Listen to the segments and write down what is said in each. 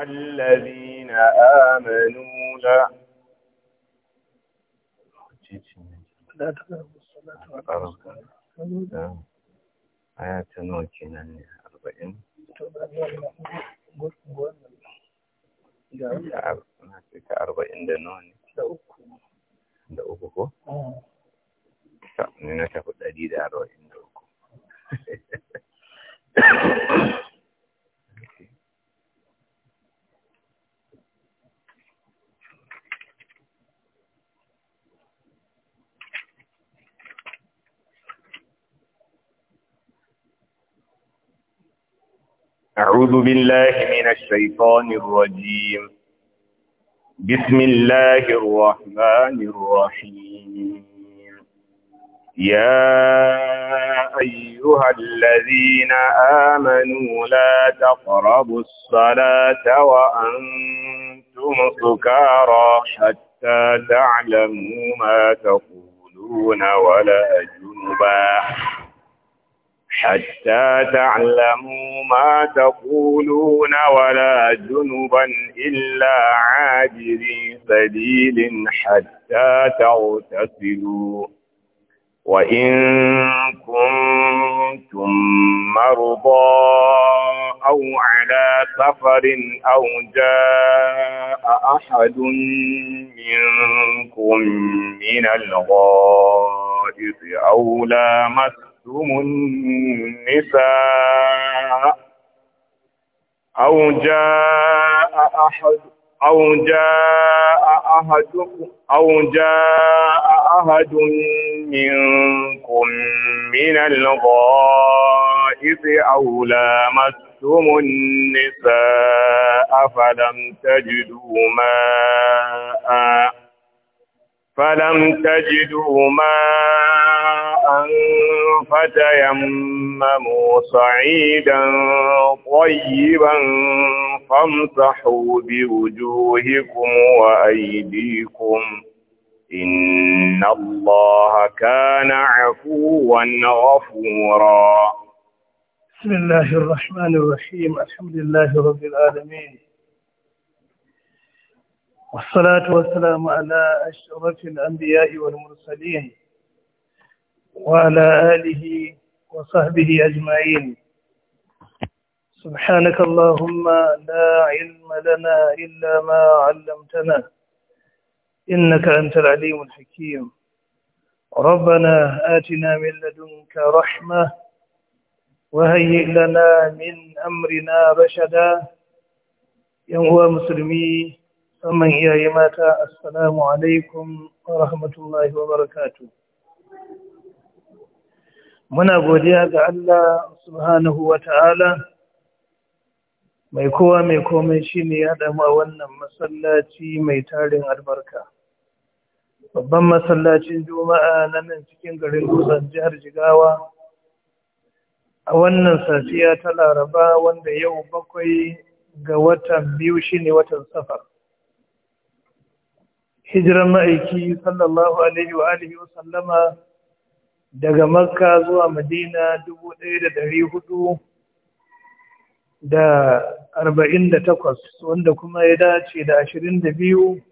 الذين آمنوا لا كنان أربعين Da uku ko? Ni na tafi ɗari da arba'in da uku. أعوذ بالله من الشيطان الرجيم بسم الله الرحمن الرحيم يا أيها الذين آمنوا لا تقربوا الصلاة وأنتم سكارى حتى تعلموا ما تقولون ولا جنبا حتى تعلموا ما تقولون ولا جنبا إلا عابري سبيل حتى تغتسلوا وإن كنتم مرضى أو على سفر أو جاء أحد منكم من الغائط أو لامست لامستم النساء أو جاء أحد أو جاء أحد أو جاء أحد منكم من الغائط أو لامستم النساء فلم تجدوا ماء فلم تجدوا ماء فتيمموا صعيدا طيبا فامسحوا بوجوهكم وأيديكم إن الله كان عفوا غفورا بسم الله الرحمن الرحيم الحمد لله رب العالمين والصلاة والسلام على أشرف الأنبياء والمرسلين وعلى آله وصحبه أجمعين سبحانك اللهم لا علم لنا إلا ما علمتنا إنك أنت العليم الحكيم ربنا آتنا من لدنك رحمة وهيئ لنا من أمرنا رشدا ينوى مسلمي ومن إياه يماتا السلام عليكم ورحمة الله وبركاته muna godiya ga Allah subhanahu wa ta'ala mai kowa mai komai shi ne ya damu a wannan masallaci mai tarin albarka babban masallacin juma'a na nan cikin garin kusan jihar jigawa a wannan safiya ta laraba wanda yau bakwai ga watan biyu shi ne watan safar hijiran ma'aiki sallallahu alaihi wa wa sallama daga makka zuwa madina dubu ɗaya da ɗari hudu da arba'in da takwas wanda kuma ya dace da ashirin da biyu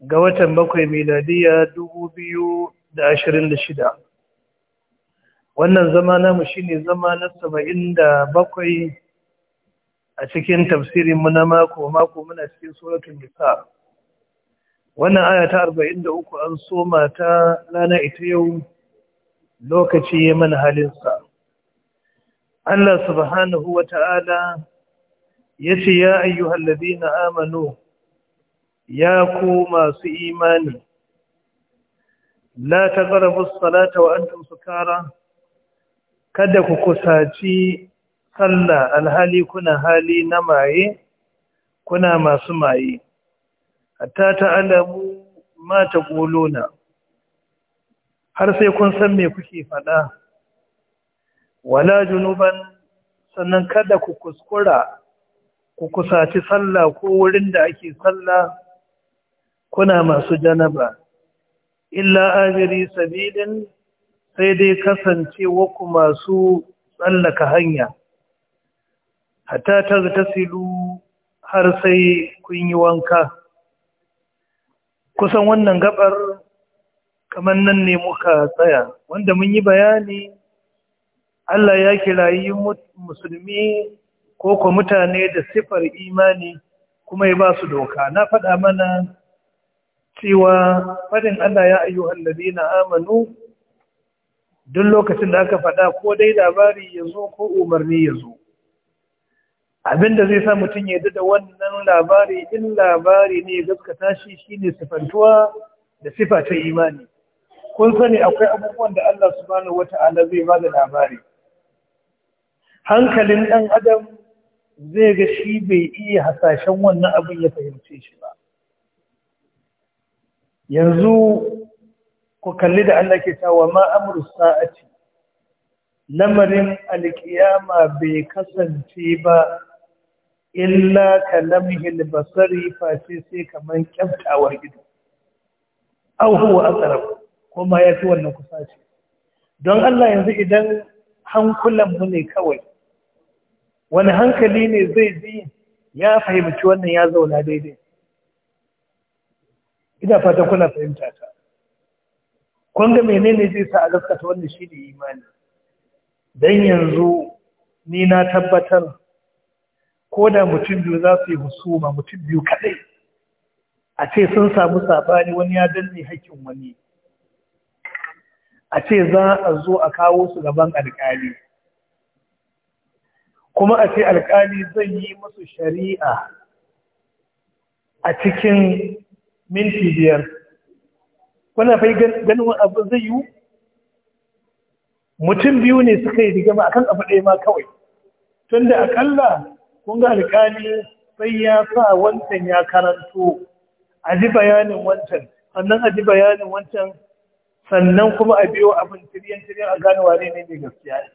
ga watan bakwai miladiya dubu biyu da ashirin da shida wannan zama namu shine zama na saba'in da bakwai a cikin tafsirinmu na mako mako muna cikin suratun nisa wannan aya ta arba'in da uku an soma ta lana ita yau lokaci ya mana halinsa Allah subhanahu wa ta'ala ya ce ya ayyuhallabi na amanu ya ku masu imani la ta ƙarfus salata wa antum kara. kada ku kusaci sallah alhali kuna hali na maye kuna masu maye ta ta'alamu ma mata ƙuluna har sai kun san me kuke faɗa wala junuban sannan kada ku kuskura ku kusaci sallah ko wurin da ake sallah kuna masu janaba illa ajiri sabilin sai dai kasancewa ku masu tsallaka hanya hatta silu har sai kun yi wanka kusan wannan gabar kamar nan ne muka tsaya wanda mun yi bayani Allah ya kirayi musulmi ko kuma mutane da sifar imani kuma ya ba su doka na faɗa mana cewa faɗin Allah ya ayyuhan ladina amanu duk lokacin da aka faɗa ko dai labari ya zo ko umarni ya zo abinda zai sa mutum ya da wannan labari in labari ne gaskata shi shine sifantuwa da sifa ta imani kun sani akwai abubuwan da Allah subhanahu wata'ala zai ba da labari hankalin ɗan adam zai ga shi bai iya hasashen wannan abin ya fahimce shi ba yanzu ku kalli da Allah ke cewa ma amru sa'ati lamarin alkiyama bai kasance ba illa kalamhil basari fa sai kaman kyaftawar gido au huwa aqrab kuma ya fi wannan ce. don Allah yanzu idan hankulanmu ne kawai wani hankali ne zai ji ya fahimci wannan ya zauna daidai ina fata kuna fahimta ta Kwanga menene zai sa a gaskata wannan shi ne imani don yanzu ni na tabbatar ko da mutum biyu za su yi husuma mutum biyu kaɗai a ce sun samu sabani wani ya danne haƙƙin wani a ce za a zo a kawo su gaban alkali, kuma a ce alƙali zai yi musu shari'a a cikin minti biyar wannan fai ganin abu zai yi mutum biyu ne suka yi digama akan abu ɗaya ma kawai tunda akalla kun ga alƙali sai ya sa wancan ya karanto a ji bayanin wancan sannan a ji bayanin wancan sannan kuma a biyo abin tiryan tiryan a gane wane ne mai gaskiya ne.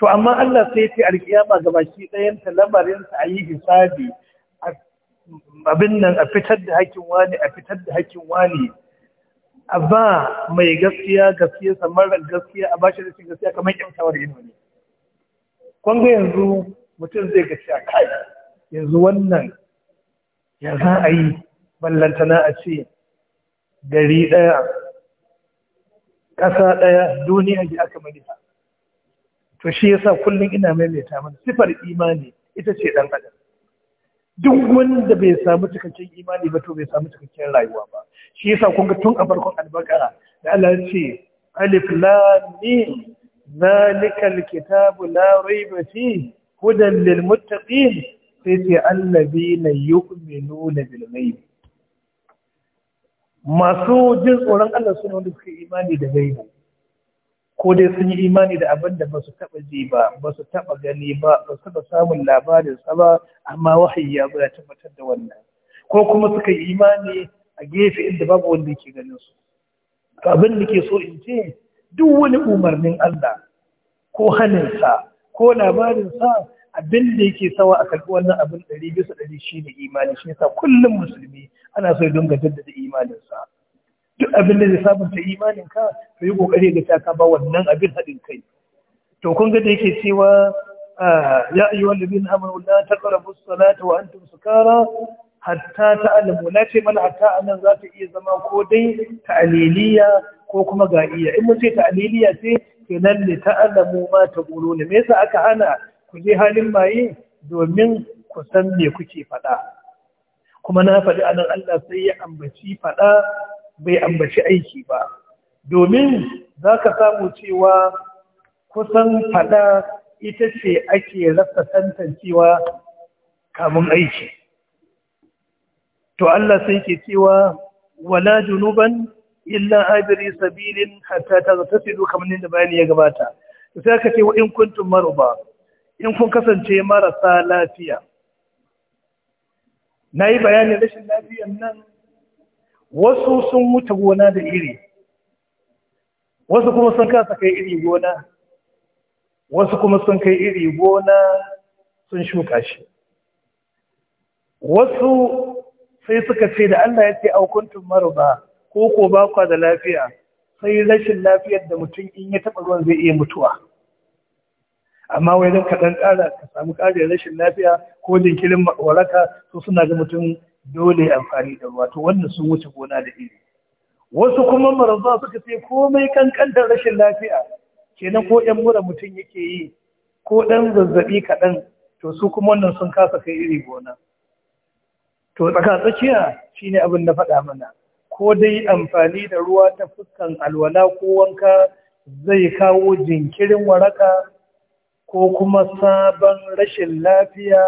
to amma Allah sai ce alkiyama ga baki ɗayan ta lamarinsa yi yi hisabi abin nan a fitar da hakkin wani a fitar da hakkin wani a ba mai gaskiya gaskiya samar gaskiya a bashi da gaskiya kamar kyautawar ido yin kun ga yanzu mutum zai ga cewa kai yanzu wannan ya za a yi ballantana a ce gari ɗaya ƙasa ɗaya duniya da aka manufa to shi ya sa kullum ina maimaita mana sifar imani ita ce ɗan adam duk wanda bai samu cikakken imani ba to bai samu cikakken rayuwa ba shi yasa kun ga tun a farkon albarka. da Allah ya ce alif lam mim zalikal kitabu la raiba fi hudan lil muttaqin sai ce allazina yu'minuna bil ghaib masu jin tsoron Allah Suna wanda suka imani da gaibu ko dai sun yi imani da abin da ba su taɓa ji ba ba su taɓa gani ba ba su taɓa samun labarin sa ba amma wahayi ya zo tabbatar da wannan ko kuma suka yi imani a gefe inda babu wanda yake ganin su abin da ke so in ce duk wani umarnin Allah ko haninsa ko labarinsa abin da yake sawa a karɓi wannan abin ɗari bisa ɗari shi ne imani shi yasa kullum musulmi ana so ya dinga jaddada imaninsa duk abin da zai sabunta imanin ka to yi kokari ga ta ka ba wannan abin haɗin kai to kun ga da yake cewa ah, ya ayyuhal ladina amanu la taqrabu as-salata wa antum sukara hatta ta'lamu la ce mana hatta anan za ta iya zama ko dai ta'aliliya ko kuma ga iya in mun ce ta'aliliya ce kenan ne ta'lamu ma taquluna me yasa aka hana ku je halin maye domin ku san me kuke faɗa kuma na faɗi anan Allah sai ya ambaci faɗa bai ambaci aiki ba domin za ka samu cewa kusan faɗa ita ce ake rasa tantancewa kamun aiki to Allah sai ke cewa wala junuban illa abiri sabilin hatta ta zafi dukkanin da bayani ya gabata sai ka ce wa in kuntum maruba in kun kasance marasa lafiya na yi bayanin rashin lafiyan nan wasu sun wuce gona da iri wasu kuma sun kasa kai iri gona wasu kuma sun kai iri gona sun shuka shi wasu sai suka ce da Allah ya ce aukuntun maruba ko ko bakwa da lafiya sai rashin lafiyar da mutum in ya taɓa ruwan zai iya mutuwa amma wai don kaɗan ƙara ka samu ƙarin rashin lafiya ko jinkirin waraka to suna ga mutum dole amfani da ruwa to wannan sun wuce gona da iri wasu kuma marazuwa suka ce komai kankantar rashin lafiya kenan ko ɗan mura mutum yake yi ko ɗan zazzaɓi kaɗan to su kuma wannan sun kasa kai iri gona to tsaka tsakiya shine abin na faɗa mana ko dai amfani da ruwa ta fuskan alwala ko wanka zai kawo jinkirin waraka ko kuma sabon rashin lafiya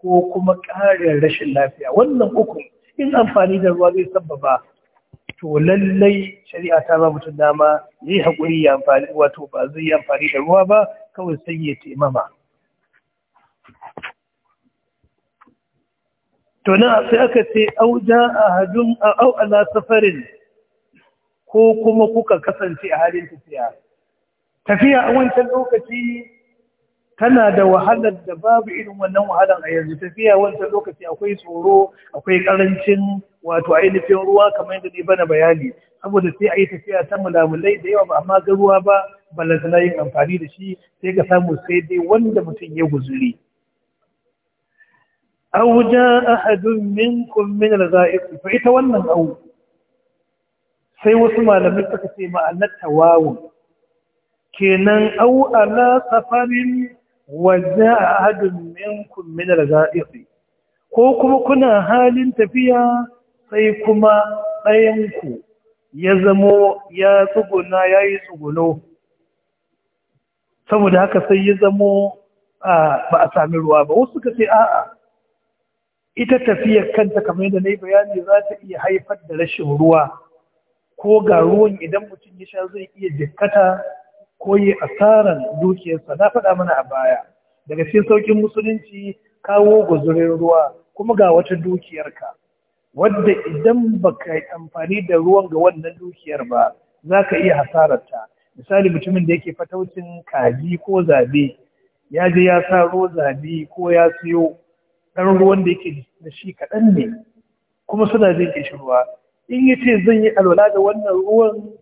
ko kuma ƙarin rashin lafiya wannan uku in amfani da ruwa zai sababa to lallai shari'a ta ba mutum dama yi haƙuri ya amfani wato ba zai yi amfani da ruwa ba kawai sai ya taimama to na sai aka ce auja a hajjun au ala safarin ko kuma kuka kasance a halin tafiya tafiya a wancan lokaci tana da wahalar da babu irin wannan wahalar a yanzu tafiya wancan lokaci akwai tsoro akwai karancin wato ainihin ruwa kamar yadda ne bana bayani saboda sai a yi tafiya ta mulamulai da yawa ba amma ga ruwa ba balantana yin amfani da shi sai ka samu sai dai wanda mutum ya guzuri aw jaa ahadun minkum min al fa ita wannan au. sai wasu malamai suka ce ma'anar tawawun kenan au ala safarin Wajen a hadin minkun minar za'ifi ko kuma kuna halin tafiya sai kuma ɗayanku ya zamo ya tsuguna ya yi tsuguno saboda haka sai ya zamo ba a sami ruwa ba wasu ka sai a'a ita tafiyar kanta kamar yadda na yi bayani za ta iya haifar da rashin ruwa ko ga ruwan idan mutum ya sha zai iya jikkata ko yi asaran dukiyarsa na faɗa mana a baya daga cikin saukin musulunci kawo guzurin ruwa kuma ga wata dukiyarka wadda idan baka yi amfani da ruwan ga wannan dukiyar ba za ka iya hasararta misali mutumin da yake fataucin kaji ko zabe ya je ya saro zabe ko ya siyo ɗan ruwan da yake da shi kaɗan ne kuma suna jin ƙishirwa in ya ce zan yi alwala da wannan ruwan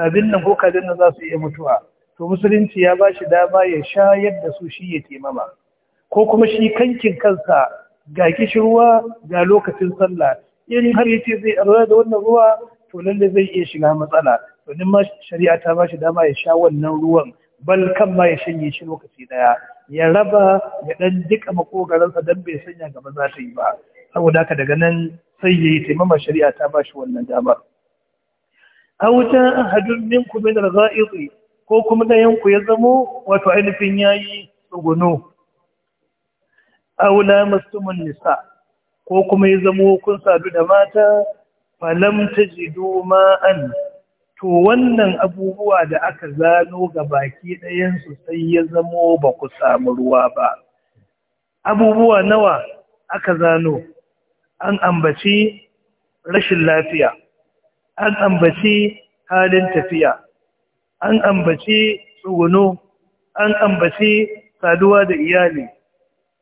abin nan ko kajin nan za su iya mutuwa to musulunci ya ba shi dama ya shayar da su shi ya taimama ko kuma shi kankin kansa ga kishirwa ga lokacin sallah in har yace zai arwa da wannan ruwa to lalle zai iya shiga matsala din ma shari'a ta ba shi dama ya sha wannan ruwan bal kan ma ya shanye shi lokaci daya ya raba ya dan duka makogaransa dan bai sanya gaba za ta yi ba saboda haka daga nan sai yayi taimama shari'a ta ba shi wannan damar. aw jaa ahadun minkum min al-gha'id ko kuma dayan ya zamo wato ainihin yayi tsuguno aw lamastumun nisa ko kuma ya zamo kun sadu da mata falam tajidu ma'an to wannan abubuwa da aka zano ga baki ɗayansu sai ya zamo ba ku samu ruwa ba abubuwa nawa aka zano an ambaci rashin lafiya an ambaci halin tafiya an ambaci tsuguno an ambaci saduwa da iyali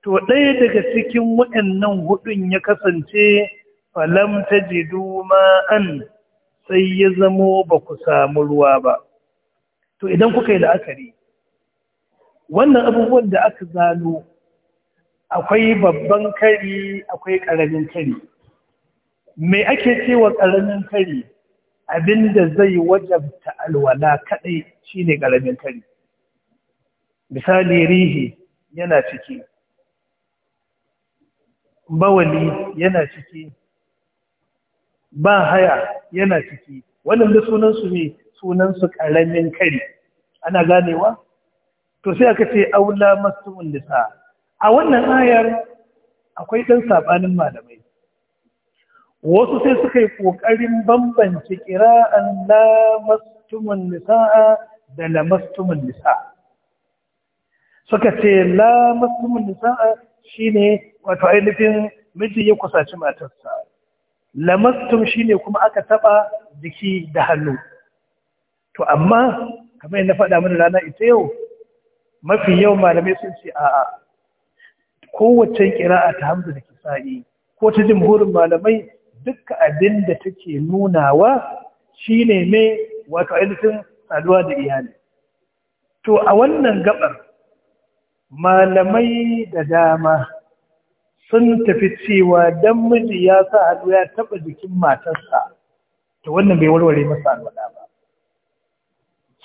to ɗaya daga cikin waɗannan hudun ya kasance falam jidu ma'an sai ya zamo ba ku samu ruwa ba to idan kuka yi la'akari wannan abubuwan da aka zano akwai babban kari akwai ƙaramin kari me ake cewa ƙaramin kari Abin da zai wajabta alwala kadai shine karamin kari misali rihi yana ciki bawali yana ciki ba haya yana ciki wannan da sunansu ne sunan su ƙaramin kari ana ganewa to sai aka ce aula mastumun nisa a wannan ayar akwai dan saɓanin malamai wasu sai suka yi ƙoƙarin bambance La lamastumin nisa'a da lamastumin nisa'a suka ce lamastumin nisa'a shine wato ainihin miji ya kusaci matarsa lamastum shine kuma aka taɓa jiki da hannu to amma kamar yadda faɗa mana rana ita yau mafi yau malamai sun ce a'a kowace ƙira'a ta hamza da kisa'i ko ta jimhurin malamai duk abin da take nunawa shine mai wato ainihin saduwa da iyali to a wannan gabar malamai da dama sun tafi cewa dan miji ya sa hannu ya taba jikin matarsa to wannan bai warware masa alwala ba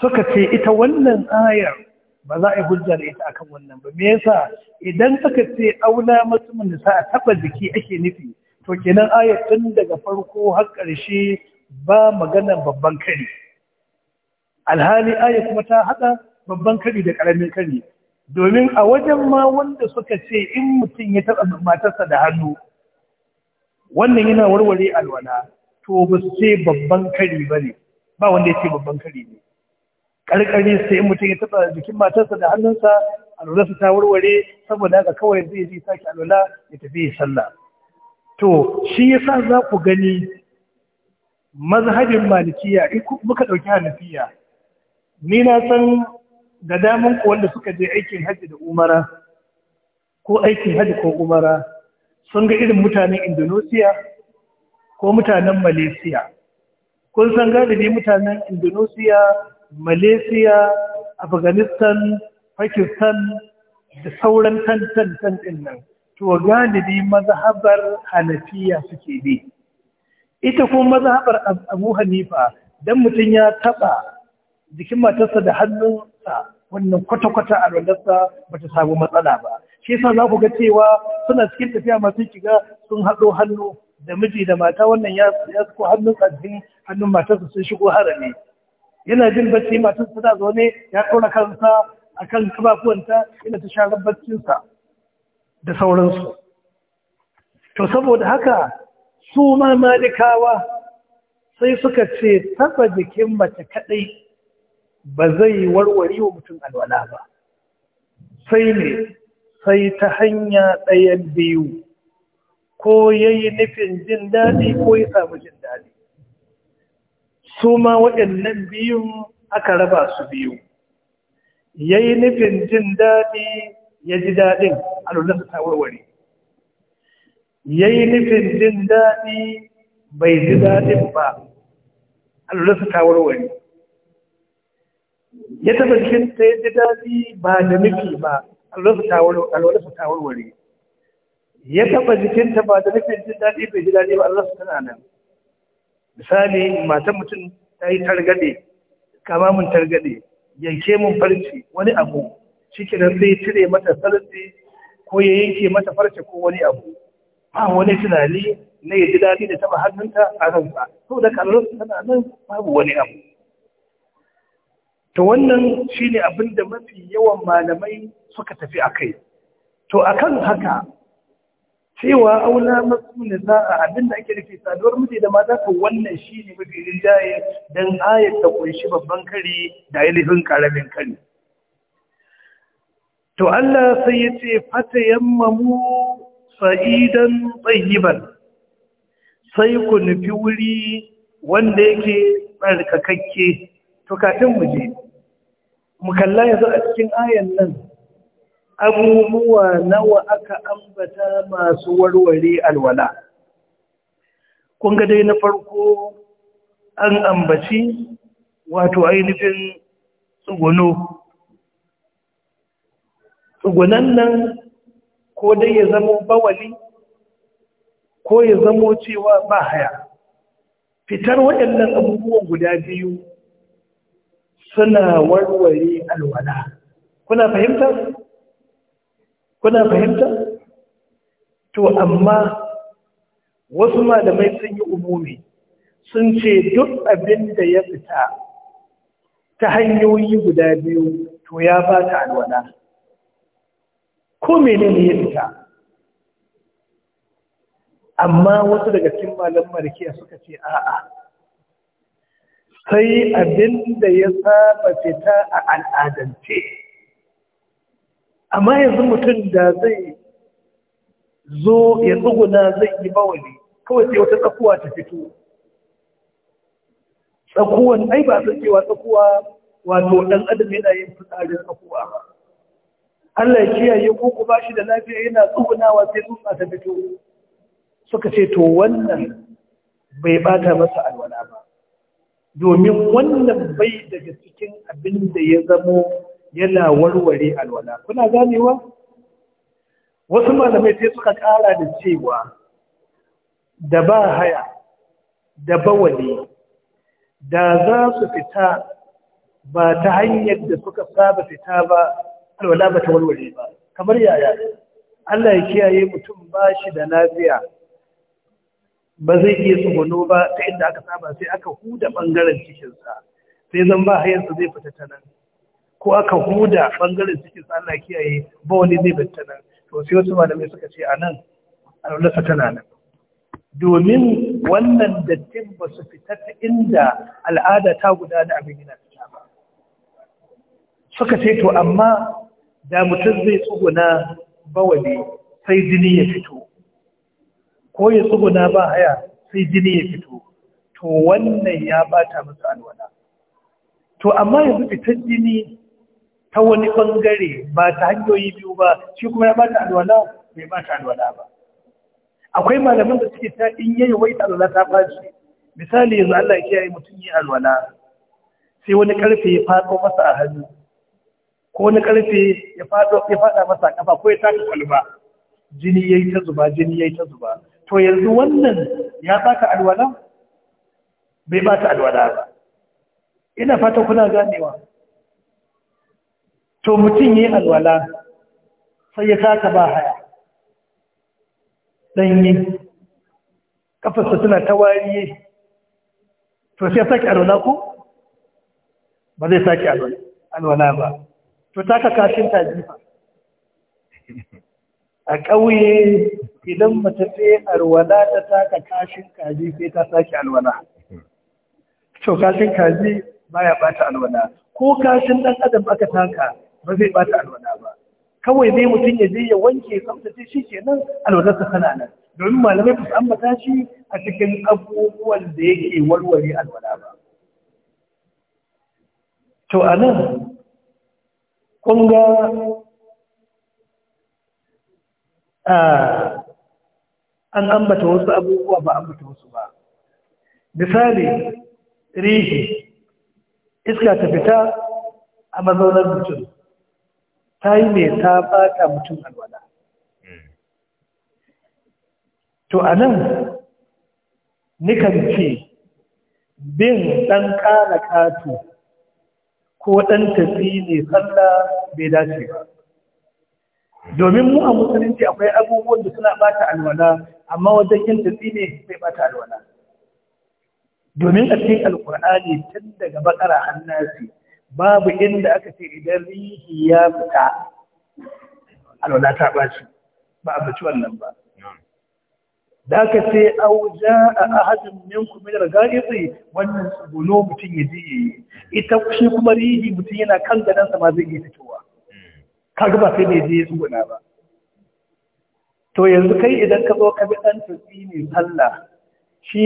suka ce ita wannan ayar ba za a yi hujja da ita akan wannan ba me yasa idan suka ce aula mutumin da sa taba jiki ake nufi to kenan ayat tun daga farko har ƙarshe ba maganar babban kari alhali ayat kuma ta haɗa babban kari da ƙaramin kari domin a wajen ma wanda suka ce in mutum ya taɓa matarsa da hannu wannan yana warware alwala to ba su ce babban kari ba ne ba wanda ya ce babban kari ne ƙarƙari sai in mutum ya taɓa jikin matarsa da hannunsa alwalarsa ta warware saboda haka kawai zai ji sake alwala ya tafi sallah to shi yasa za ku gani mazhabin malikiya muka ɗauki hanafiya ni na san da daman ku wanda suka je aikin hajji da umara ko aikin hajji ko umara sun ga irin mutanen indonesia ko mutanen malaysia kun san galibi mutanen indonesia malaysia afghanistan pakistan da sauran tantan ɗin nan to galibi mazhabar hanafiya suke bi ita ko mazhabar abu hanifa dan mutum ya taba jikin matarsa da hannunsa wannan kwata-kwata a randarsa ba ta samu matsala ba shi yasa za ku ga cewa suna cikin tafiya masu shiga sun haɗo hannu da miji da mata wannan ya ko hannun abin hannun matarsa sun shigo harami yana jin bacci matarsa zo zaune ya ɗora kansa akan kafafuwanta yana ta sha baccinsa da sauransu to saboda haka su malikawa sai suka ce taba jikin mace kaɗai ba zai warware wa mutum alwala ba sai ne sai ta hanya ɗayan biyu ko ya yi nufin jin daɗi ko ya samu jin daɗi su ma waɗannan biyun aka raba su biyu ya yi nufin jin daɗi ya ji daɗin alullarsa ta warware ya yi nufin jin daɗi bai ji daɗin ba alullarsa ta warware ya taɓa cikin ta ji daɗi ba da nufi ba alullarsa ta warware ya taɓa jikinta ba da nufin jin daɗi bai ji daɗi ba alullarsa tana nan misali matan mutum ta yi targaɗe kama mun targaɗe yanke mun farci wani abu cikin sai cire mata sarari ko ya yanke mata farce ko wani abu ba wani tunani na ya ji daɗi da taɓa hannunta a ransa to da ƙararsa tana nan babu wani abu to wannan shine abin da mafi yawan malamai suka tafi a kai to a kan haka cewa aula a abin abinda ake rufe saduwar miji da mata ko wannan shine mafi rinjaye dan ayat ta kunshi babban kari da ainihin karamin kari to Allah sai ya ce fata yammamu sa'idan tsayiban sai ku nufi wuri wanda yake tsarkakakke to kafin mu je mu kalla yanzu a cikin ayan nan abubuwa nawa aka ambata masu warware alwala kun ga dai na farko an ambaci wato ainihin tsuguno tsugunan nan ko dai ya zamo bawali ko ya zamo cewa ba haya fitar waɗannan abubuwan guda biyu suna warware alwala kuna fahimta? kuna fahimta? to amma wasu malamai sun yi umumi sun ce duk abin da ya fita ta hanyoyi guda biyu to ya ba ta alwala ko menene ya fita amma wasu daga cikin malam markiya suka ce a'a sai abinda da ya saba fita a al'adance amma yanzu mutum da zai zo ya tsuguna zai yi bawali kawai sai wata tsakuwa ta fito tsakuwan ai ba zai cewa tsakuwa wato ɗan adam yana yin fitsarin tsakuwa ba Allah ya kiyaye ko ku bashi da lafiya yana tsugunawa sai tsutsa ta fito suka ce to wannan bai bata masa alwala ba domin wannan bai daga cikin abin da ya zamo yana warware alwala kuna ganewa wasu malamai sai suka kara da cewa da ba haya da bawali da za su fita ba ta hanyar da suka saba fita ba alwala ba ta warware ba kamar yaya Allah ya kiyaye mutum ba shi da lafiya ba zai iya tsuguno ba ta inda aka saba sai aka huda bangaren cikinsa sai zan ba hayarsa zai fita ta nan ko aka huda bangaren cikinsa Allah kiyaye ba wani zai fita nan to sai wasu malamai suka ce anan nan tana nan domin wannan dattin ba su fita ta inda al'ada ta gudana abin yana fita ba suka ce to amma da mutum zai tsuguna bawali sai jini ya fito ko ya tsuguna ba haya sai jini ya fito to wannan ya bata masa alwala to amma yanzu fitar jini ta wani bangare ba ta hanyoyi biyu ba shi kuma ya bata alwala bai bata alwala ba akwai malaman da suke ta in yayi wai alwala ta fashi misali yanzu Allah ya kiyaye mutum yi alwala sai wani karfe ya faɗo masa a hannu ko wani ƙarfe ya faɗa masa ƙafa ko ya taka kwalba jini ya yi ta zuba jini ya yi ta zuba to yanzu wannan ya ba ta alwala bai ta alwala ba ina fata kuna ganewa to mutum ya yi alwala sai ya taka ba haya ɗanyi kafarsa suna ta wariye to sai ya sake alwala ko ba zai sake alwala ba to taka kashin tajifa a ƙauye idan mace ce alwala ta taka kashin kaji sai ta sake alwala to kashin kaji baya bata alwala ko kashin ɗan adam aka taka ba zai bata alwala ba kawai dai mutum ya je ya wanke tsaftace shi kenan alwalar ta tana nan domin malamai ba su ambata shi a cikin abubuwan da yake warware alwala ba to anan kun ga an ambata wasu abubuwa ba ambata wasu ba misali rihi iska ta fita a mazaunar mutum ta yi mai ta bata mutum alwala to a nan nikan ce bin ɗan ƙara ƙato ko ɗan tafi ne sallah bai dace ba domin mu a musulunci akwai abubuwan da suna bata alwala amma wajen yin tafi ne bai bata alwala domin a cikin alkur'ani tun daga bakara hannasi babu inda aka ce idan rihi ya fita alwala ta ɓaci ba a nan wannan ba da aka ce auja a ahadin minku min ragaizi wannan tsuguno mutum ya ji ita shi kuma rihi mutum yana kan gadansa ma zai iya fitowa kaga ba sai mai je tsuguna ba to yanzu kai idan ka zo ka bi dan ne sallah shi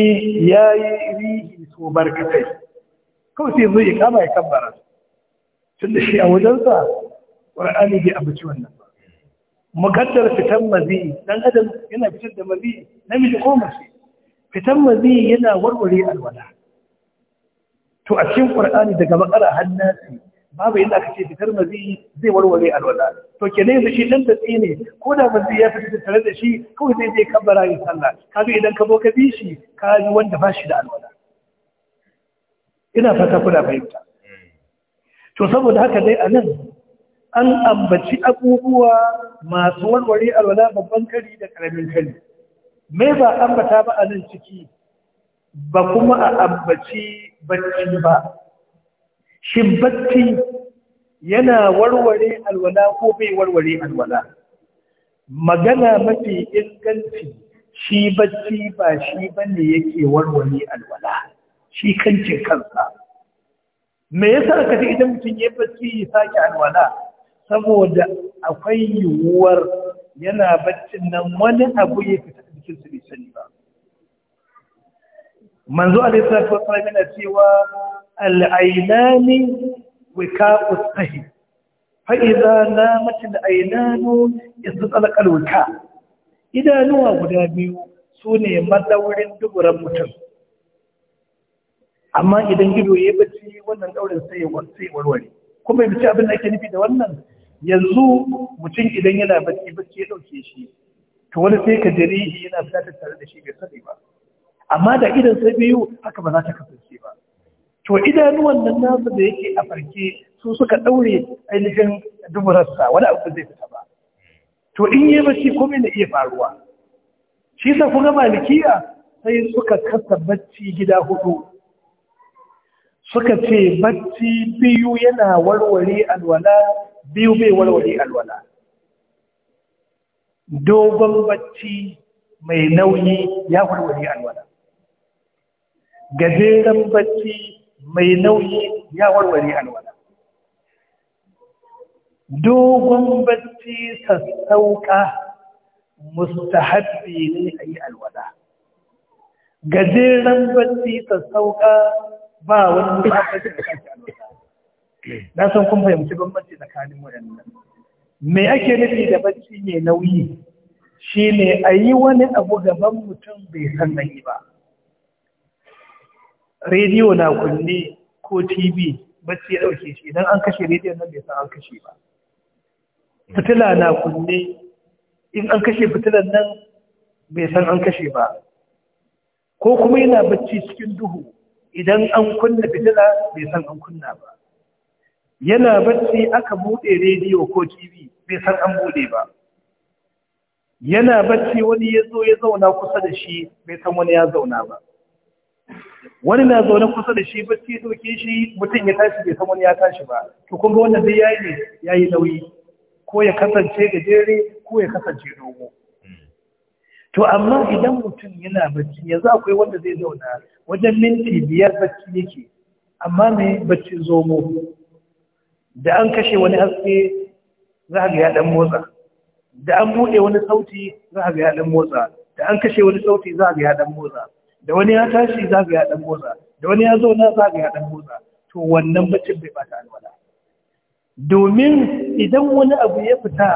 yayi rihi so barkatai kawai sai zai kama ya kabbara tunda shi a wajensa qur'ani bai abuci wannan mukaddar fitan mazi dan adam yana fitar da mazi namiji ko mace fitan mazi yana warware alwala to a cikin qur'ani daga makara hannasi babu inda aka ce fitar mazi zai warware alwala to kenan da shi dan da ne ko da mazi ya fita tare da shi ko zai je kabbara yin sallah kaga idan ka zo ka bi shi ka ji wanda ba shi da alwala ina fata kuna fahimta hmm. to saboda haka dai anan an ambaci abubuwa masu warware alwala babban kari da karamin kari me ba ambata ba a nan ciki ba kuma a ambaci bacci ba shin bacci yana warware alwala ko bai warware alwala magana mafi inganci shi bacci ba shi bane yake warware alwala shi kancin kansa me yasa ka ji idan mutum ya bacci ya sake alwala saboda akwai yiwuwar yana baccin nan wani abu ya fita cikin su bai sani ba manzo alaihi salatu wasallam yana cewa al-aynani wika'u sahi fa idza namat al ya su wika idanuwa guda biyu su ne madaurin duburan mutum amma idan gido ya bace wannan daurin sai ya warware kuma bi abin da ake nufi da wannan yanzu mutum idan yana bacci bacci ya ɗauke shi to wani sai ka shi yana bukatar tare da shi bai sani ba amma da idan sai biyu haka ba za ta kasance ba to idanuwan nan nasu da yake a farke su suka ɗaure ainihin duburarsa wani abu zai fita ba to in yi bacci mai na iya faruwa shi sa kuma malikiya sai suka kasa bacci gida hudu suka ce bacci biyu yana warware alwala biyu bai walwale alwala dogon bacci mai nauyi ya walwale alwala gajeren bacci mai nauyi ya walwale alwala dogon bacci sassauka mustahabbi ne a yi alwala gajeren bacci sassauka ba wani mustahabbi a alwala na san kun fahimci bambanci tsakanin waɗannan me ake nufi da bacci mai nauyi shi ne a yi wani abu gaban mutum bai san na yi ba rediyo na kunne ko tv bacci ya ɗauke shi idan an kashe rediyon nan bai san an kashe ba fitila na kunne in an kashe fitilan nan bai san an kashe ba ko kuma yana bacci cikin duhu idan an kunna fitila bai san an kunna ba yana bacci aka buɗe rediyo ko tv bai san an buɗe ba yana bacci wani ya zo ya zauna kusa da shi bai san wani ya zauna ba wani na zaune kusa da shi bacci ya ɗauke shi mutum ya tashi bai san wani ya tashi ba to kun ga wannan dai yayi ne yayi nauyi ko ya kasance gajere ko ya kasance dogo to amma idan mutum yana bacci yanzu akwai wanda zai zauna wajen minti biyar bacci yake amma mai bacci zomo da an kashe wani haske za ga ya dan motsa da an buɗe wani sauti za ga ya dan motsa da an kashe wani sauti za ga ya dan motsa da wani ya tashi za ga ya dan motsa da wani ya zauna za ga ya dan motsa to wannan bacin bai bata alwala domin idan wani abu ya fita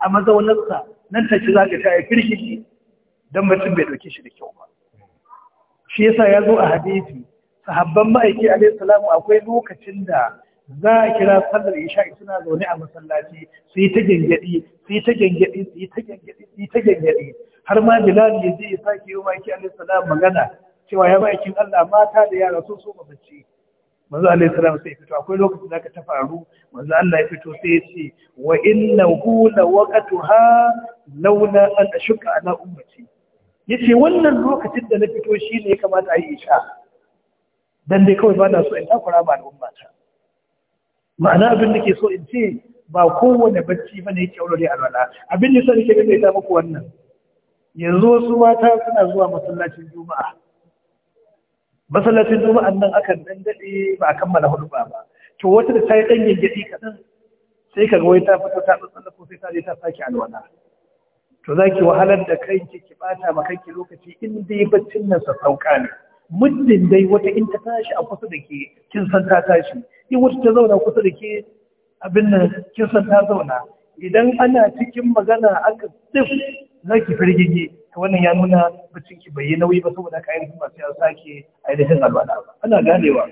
a mazaunarsa nan take za ga ta firkici don bacin bai dauke shi da kyau ba shi yasa ya zo a hadisi sahabban ma'aiki alaihi salamu akwai lokacin da za a kira sallar isha'i suna zaune a masallaci su yi ta gyangyaɗi su yi ta gyangyaɗi su yi ta gyangyaɗi su yi ta gyangyaɗi har ma bilal ya je ya sake yi maki alaihi salam magana cewa ya ma'aikin Allah mata da yara sun so bacci manzo alaihi salam sai fito akwai lokacin da ka ta faru manzo Allah ya fito sai ya ce wa innahu la waqtuha laula an ashqa ala ummati yace wannan lokacin da na fito shi ne ya kamata a yi isha dan dai kawai ba na so in takura ba al'ummata ma'ana abin da ke so in ce ba kowane bacci ba ne kyau aure alwala abin da sa nake gaza ita muku wannan yanzu wasu mata suna zuwa masallacin juma'a masallacin juma'a nan akan dan dade ba a kammala hudu ba ba to wata da ta yi dangin gengedi kaɗan, sai ka wai ta fito ta tsantsana ko sai ta je ta saki alwala to zaki wahalar da kanki ki bata ma kanki lokaci in dai baccin nan sa sauka ne muddin dai wata in ta tashi a kusa da ke kin san ta tashi in wata ta zauna kusa da ke abin nan kin san ta zauna idan ana cikin magana aka tsif za ki firgige ta wannan ya nuna bacin ki bai yi nauyi ba saboda kayan kuma sai an sake ainihin alwala ba ana ganewa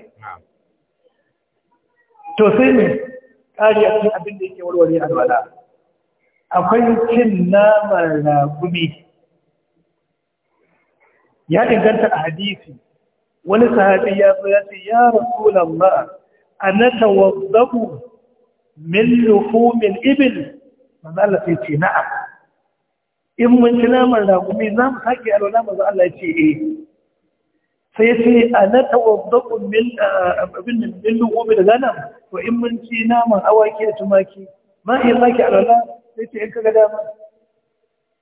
to sai ne kari cikin abin da yake warware alwala akwai cin na gumi. ya inganta a hadisi wani sahabi ya zo ya ce ya rasulullah anata wadabu min luhumin ibil manzo Allah sai ce na'am in mun ci naman ragumi za mu sake alwala manzo Allah ce eh sai ya ce anata wadabu min abin ah, min luhumin to in mun ci naman awaki da tumaki ma iya sake alwala sai ce in ka ga dama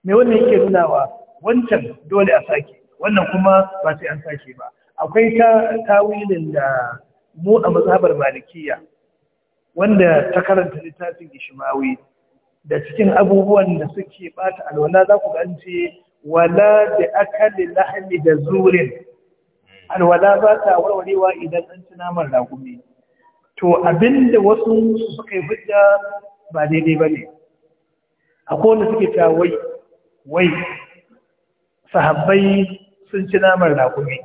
me wannan yake nunawa wancan dole a sake wannan kuma ba sai an sake ba akwai ta tawilin da mu a mazhabar malikiya wanda ta karanta littafin ishmawi da cikin abubuwan da suke bata alwala za ku gance wala da akali lahmi da zurin alwala ba ta warwarewa idan an ci naman ragumi to abinda wasu suka yi hujja ba daidai ba ne akwai wanda suke ta wai wai sahabbai sun ci naman ragumi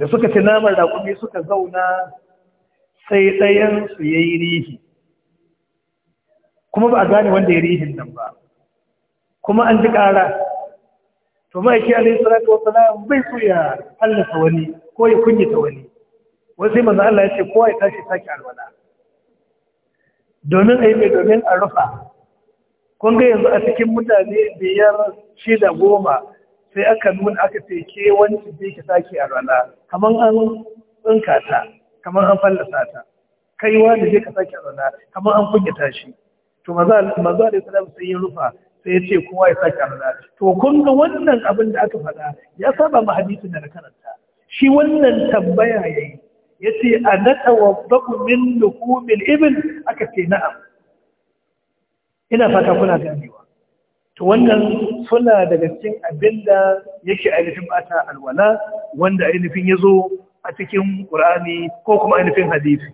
da suka ci naman raƙumi suka zauna sai su ya yi rihi kuma ba a gane wanda ya rihin nan ba kuma an ji ƙara to ma'aiki alaihi salatu na bai so ya hallasa wani ko ya kunyata wani wasu sai Allah ya ce kowa ya tashi sake alwala domin a yi mai domin a rufa kun ga yanzu a cikin mutane biyar shida goma sai aka nuna aka ce ke wani je ka sake a rana kaman an tsinka ta kaman an fallasa ta kai wani je ka sake a rana kaman an kunyata shi to maza da sallam sai ya rufa sai ya ce kowa ya sake a rana to kun ga wannan abin da aka faɗa ya saba ma hadisin da na karanta shi wannan tambaya ya ce a natawabbu min lukumin ibin aka ce na'am ina fata kuna ganewa to wannan suna daga cikin abin da yake ainihin ata alwala wanda ainihin ya zo a cikin ƙur'ani ko kuma ainihin hadisi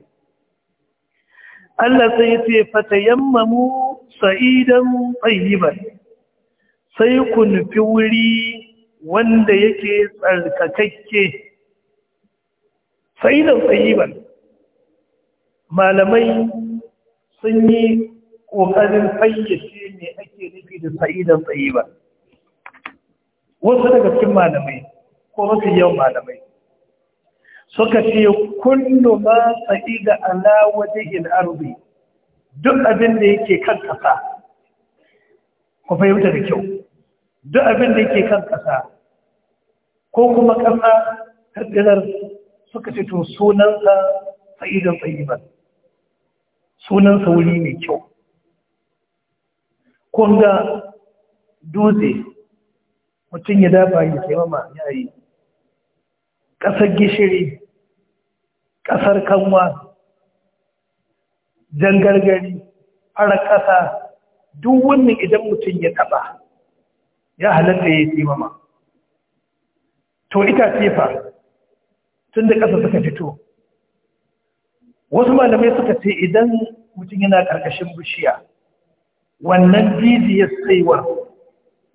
Allah sai ya ce yammamu, sa'idan tayyiban sai ku nufi wuri wanda yake tsarkakakke sa'idan tayyiban malamai sun yi ƙoƙarin fayyace ne ake da sa'idan tsayiba wasu daga cikin malamai ko wasu yau malamai suka ce kullu ma sa'ida ala wajhil ardi duk abin da yake kan kasa ku fahimta da kyau duk abin da yake kan kasa ko kuma kasa kaddarar suka ce to sunansa sa'idan tsayiba sunansa wuri mai kyau Kunga dutse mutum ya dafa yi taimama ya yi ƙasar gishiri ƙasar kanwa gargari, fara ƙasa duk wannan idan mutum ya taɓa ya halatta ya yi taimama to ita tefa tun da ƙasa suka fito wasu malamai suka ce idan mutum yana ƙarƙashin bishiya wannan jijiyar saiwar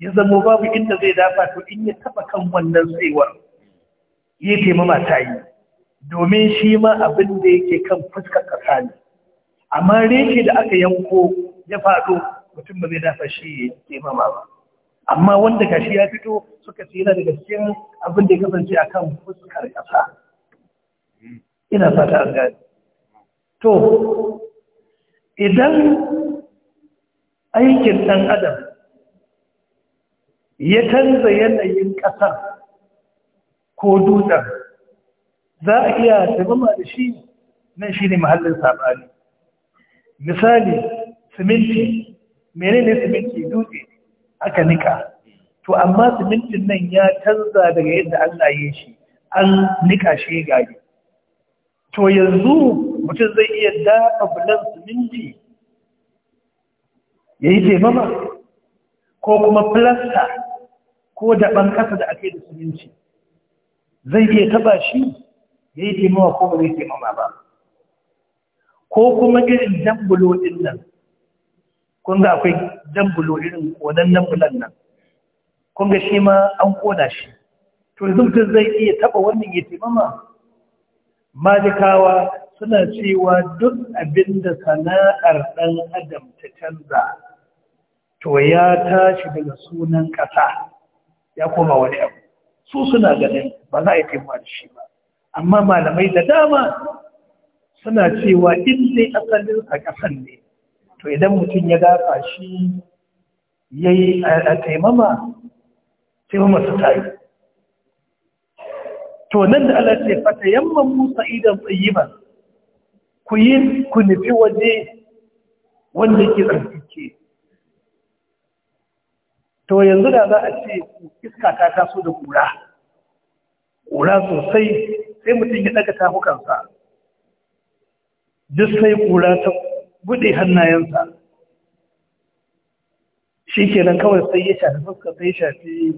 ya zama babu inda zai dafa to in ya taba kan wannan saiwar ya taimama ta yi domin shi ma abin da yake kan fuskar ƙasa ne amma reke da aka yanko ya faɗo mutum ba zai dafa shi ya taimama ba amma wanda gashi ya fito suka ce yana daga cikin abin da ya kasance a kan fuskar ƙasa ina fata an gani to idan aikin ɗan adam ya canza yanayin ƙasa ko dutsen za a iya tabama da shi nan shi ne mahallin saɓani misali siminti menene siminti dutse aka nika to amma simintin nan ya canza daga yadda Allah ya shi an nika shi gari to yanzu mutum zai iya dafa bulan siminti ya yi taimama ko kuma filasta ko daɓan kasa da ake da suminci zai iya taɓa shi ya yi taimama ko ba zai taimama ba ko kuma irin dambulo ɗin nan kun ga akwai dambulo irin waɗannan dambulan nan kun ga shi ma an ƙona shi to yanzu mutum zai iya taɓa wannan ya taimama malikawa suna cewa duk abin da sana'ar ɗan adam ta canza to ya tashi daga sunan ƙasa ya koma wani abu su suna ganin ba za a yi da shi ba amma malamai da dama suna cewa in asalin a ƙasan ne to idan mutum ya gafa shi ya yi a taimama taimama su tayi to nan da Allah ce fata yamman musa idan ba, ku yi ku nufi waje wanda ke tsarki to yanzu da za a ce iska ta taso da ƙura ƙura sosai sai mutum ya ɗaga tafukansa duk sai ƙura ta buɗe hannayensa shi kenan kawai sai ya shafi fuska sai ya shafi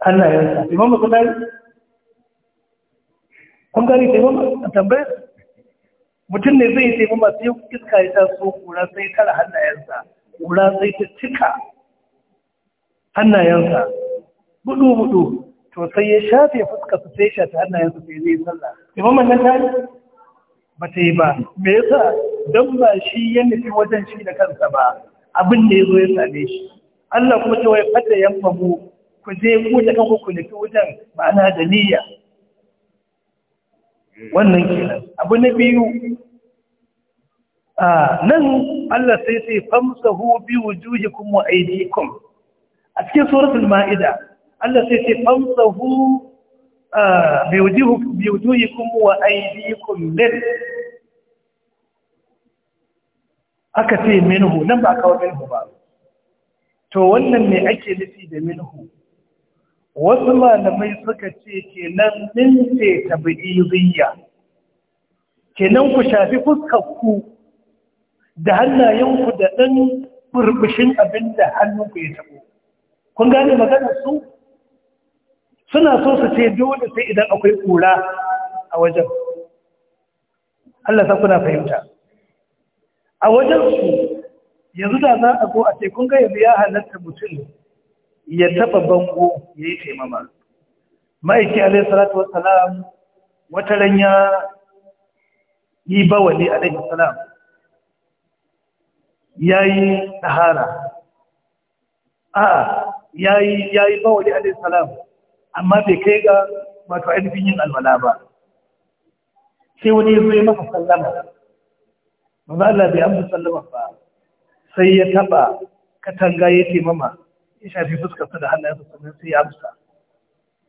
hannayensa imamu kun gari kun gari taimamu a tambayar mutum ne zai taimama, sai iska ya taso ƙura sai tara hannayensa ƙura sai ta cika hannayensa buɗu buɗu. to sai ya shafe su sai shafe hannayensa sai zai sallah imaman nan ta yi ba ta yi ba me yasa don ba shi ya nufi wajen shi da kansa ba abin da ya zo ya same shi Allah kuma cewa ya fata yan mu ku je ku da kanku ku nufi wajen ma'ana da niyya wannan kenan abu na biyu a nan Allah sai sai famsahu bi wujuhikum wa aydikum a cikin suratul ma'ida Allah sai sai ce famsahu ah, biwujuhikum wa aydikum lil aka ce minhu nan ba kawo minhu ba to wannan me ake nufi da minhu wasu malamai suka ce kenan min ce tabi'iyya kenan ku shafi fuskarku da hannayenku da ɗan burbushin abinda hannunku ya tabo kun gane maganar su suna so su ce dole sai idan akwai kura a wajen Allah sa kuna fahimta a wajen su yanzu da za a go a ce kun ga yanzu ya halatta mutum ya taba bango ya yi taimama ma'aiki alai salatu wassalam wata ranya yi bawali alai salam ya yi ɗahara a ya yi bawali alaihi salam amma bai kai ga wato ainihin yin alwala ba sai wani ya zo ya masa sallama manzo Allah bai amsa sallama ba sai ya taba katanga ya ce mama ya shafi fuskarsa da yasa sannan sai ya amsa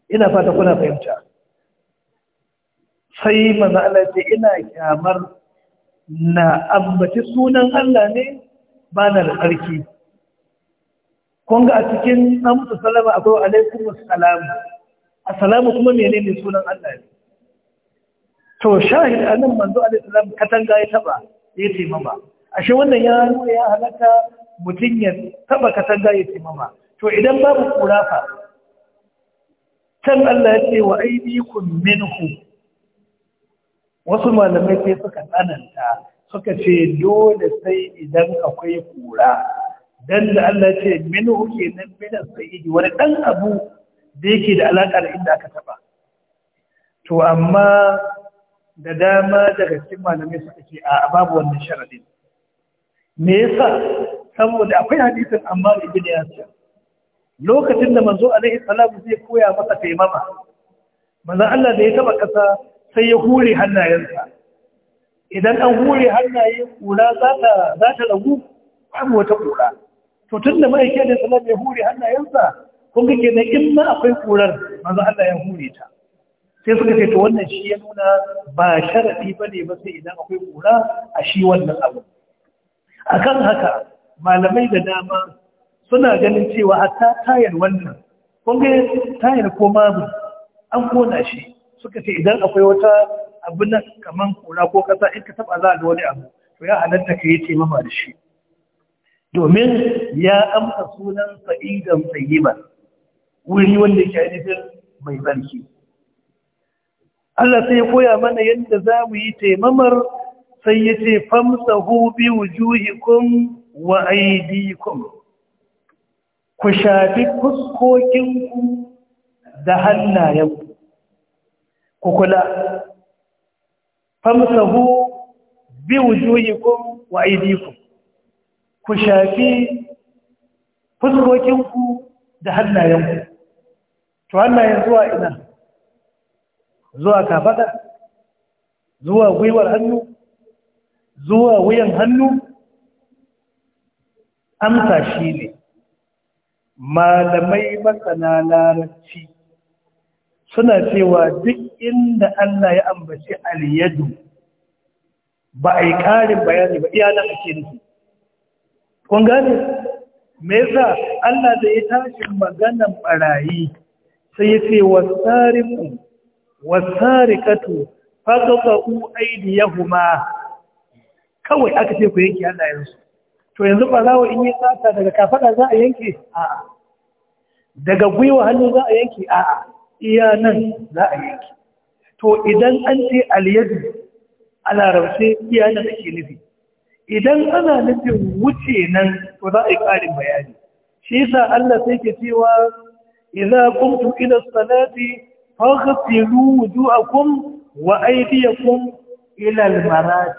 ina fata kuna fahimta sai maza Allah ce ina kyamar na ambaci sunan Allah ne ba na da tsarki kun ga a cikin amsu salama akwai alaikum assalam assalamu kuma menene sunan Allah ne to shahid anan manzo alaihi salam katanga ya taba ya ce mama ashe wannan ya nuna ya halaka mutum ya taba katanga ya ce mama to idan babu kurafa can Allah ya ce wa aidikum minhu wasu malamai sai suka tsananta suka ce dole sai idan akwai kura dan da Allah ce minhu kenan min sayyidi wani dan abu da yake da alaka da inda aka taba to amma da dama daga cikin malamai suka ce a babu wannan sharadin me yasa saboda akwai hadisin amma ibn yasir lokacin da manzo alaihi salatu zai koya masa taimama manzo Allah da ya taba kasa sai ya hure hannayensa idan an hure hannaye kula za ta ragu babu wata kura to tun da mai da salam ya hure hannayensa kun ga kenan in ma akwai kurar manzo Allah ya hure ta sai suka ce to wannan shi ya nuna ba sharadi bane ba sai idan akwai kura a shi wannan abu akan haka malamai da dama suna ganin cewa hatta tayar wannan kun ga tayar ko mamu, an kona shi suka ce idan akwai wata abu na kaman kura ko kasa in ka taba za a ga wani abu to ya halatta ka yi taimama da shi domin ya amsa sunan sa'idan tsayiban wuri wanda ke ainihin mai barki Allah sai koya mana yadda za mu yi taimamar sai ya ce famsahu bi wujuhikum wa aidikum ku shafi fuskokinku da hannayenku ku kula famsahu bi wujuhikum wa aidikum ku shafi fuskokinku da hannayenku to hannayen zuwa ina zuwa kafada zuwa gwiwar hannu zuwa wuyan hannu amsa shi ne malamai masana larabci suna cewa duk inda Allah ya ambaci aliyadu ba a yi ƙarin bayani ba iya ake nufi kun gane me yasa Allah da ya tashi maganan barayi sai ya ce wasariqu wasariqatu faqatu aydiyahuma kawai aka ce ku yanke Allah yanzu to yanzu barawo in yi tsata daga kafada za a yanke a'a daga gwiwa hannu za a yanke a'a iya nan za a yanke to idan an ce aliyadu ana larabce iya nan ake nufi idan ana nufin wuce nan to za a yi ƙarin bayani shi yasa Allah sai ke cewa idza qumtu ila salati faghsilu wujuhakum wa aydiyakum ila al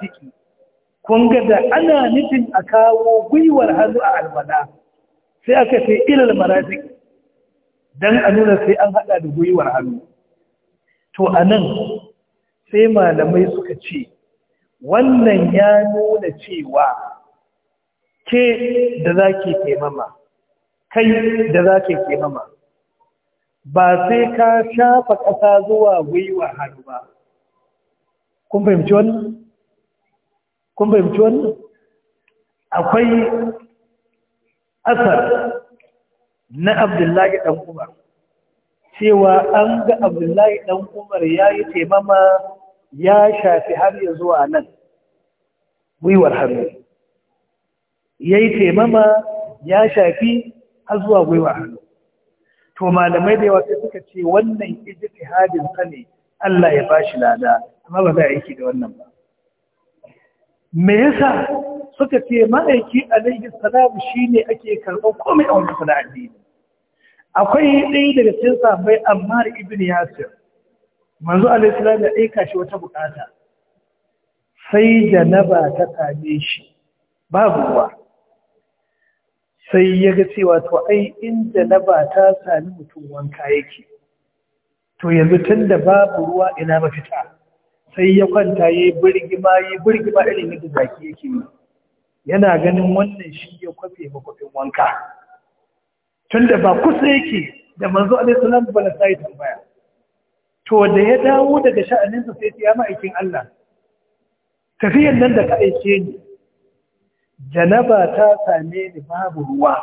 kun ga da ana nufin a kawo gwiwar hannu a alwala sai aka ce ila al dan a nuna sai an hada da gwiwar hannu to anan sai malamai suka ce wannan ya nuna cewa ke da za ke taimama kai da za ke taimama ba sai ka shafa ƙasa zuwa gwiwa hannu ba kun fahimci wannan? kun fahimci wannan? akwai asar na abdullahi ɗan umar cewa an ga abdullahi ɗan umar ya yi taimama ya shafi har ya zuwa nan gwiwar hannu ya yi taimama ya shafi har zuwa gwiwar hannu to malamai da yawa sai suka ce wannan ijtihadin sa ne Allah ya bashi lada amma ba za a aiki da wannan ba me yasa suka ce ma'aiki alaihi salam shine ake karɓar komai a wani sana'ar akwai ɗaya daga cikin sahabbai Ammar ibn Yasir manzo alislam ya aika shi wata bukata sai janaba ta kame shi babu ruwa sai ya ga cewa to ai in janaba ta sami mutum wanka yake to yanzu tun babu ruwa ina mafita sai ya kwanta ya yi birgima ya yi birgima irin yadda zaki yake yi yana ganin wannan shi ya kwafe makwafin wanka tun ba kusa yake da manzo alislam ba na sai tambaya to da ya dawo daga sha'aninsa sai ya ma'aikin Allah tafiyan nan da ka aike ni janaba ta same ni babu ruwa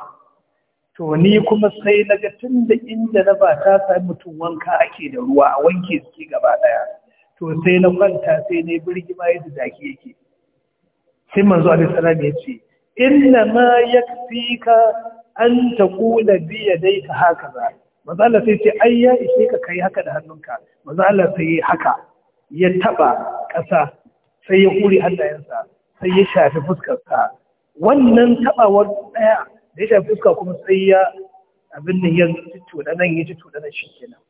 to ni kuma sai naga tun da in janaba ta same mutum wanka ake da ruwa a wanke suke gaba daya to sai na kwanta sai na birgima yadda zaki yake sai manzo alaihi wasallam ya ce inna ma yakfika an taqula bi haka hakaza manzo sai ce ai ya ishe ka kai haka da hannunka manzo sai haka ya taba ƙasa sai ya huri hannayensa sai ya shafi fuskarsa wannan tabawar daya da ya shafi fuska kuma sai ya abin da ya tuda nan ya tuda nan shi kenan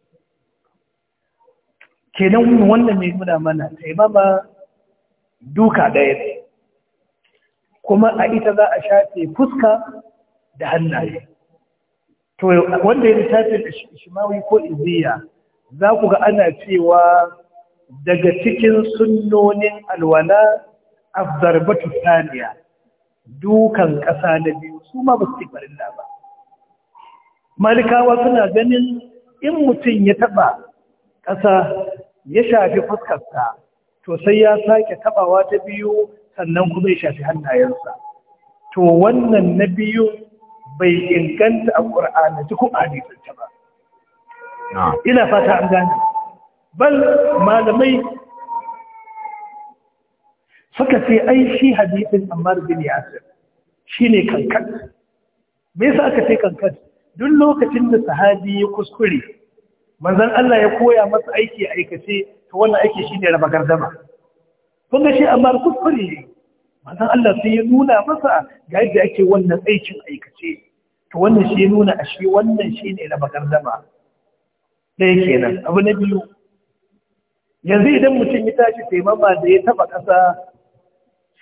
kenan wannan ne muna mana taimama duka daya ne kuma a ita za a shafe fuska da hannaye to wanda ya littafin shimawi ko iziya za ku ga ana cewa daga cikin sunnonin alwala batu saniya dukan ƙasa na biyu su ma ba su ba malikawa suna ganin in mutum ya taɓa ƙasa ya shafi fuskarsa to sai ya sake taɓawa ta biyu sannan kuma ya shafi hannayensa to wannan na biyu bai inganta a ƙur'ana ko a nisanta ba ina fata an gane bal malamai suka fi ai shi hadisin ammar bin yasir shine kankan me sa aka fi kankan duk lokacin da sahabi ya kuskure manzon Allah ya koya masa aiki a aikace ta wannan aiki shine raba gardama kun ga shi ammar kuskure ne manzon Allah sai ya nuna masa ga yadda ake wannan aikin aikace to wannan shi nuna a shi wannan shi ne na bakardama ɗaya kenan abu na biyu yanzu idan mutum ya tashi taimama da ya taba ƙasa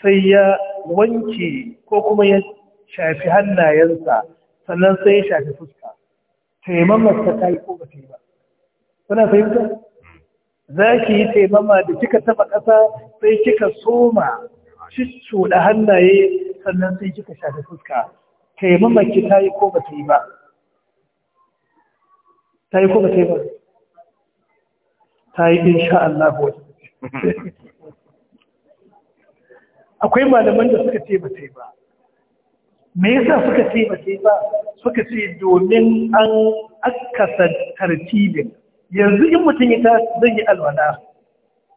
sai ya wanke ko kuma ya shafi hannayensa sannan sai ya shafi fuska taimamar ta ta yi ko ba ta yi ba suna fahimta za ki yi taimama da kika taba ƙasa sai kika soma cuɗa hannaye sannan sai kika shafi fuska taimamaki ta yi ko ba ta yi ba ta yi ko ba ta yi ba ta yi insha Allah wani akwai malaman da suka ce ba ta yi ba me yasa suka ce ba ta yi ba suka ce domin an akasa tartibin yanzu in mutum ya ta zan yi alwala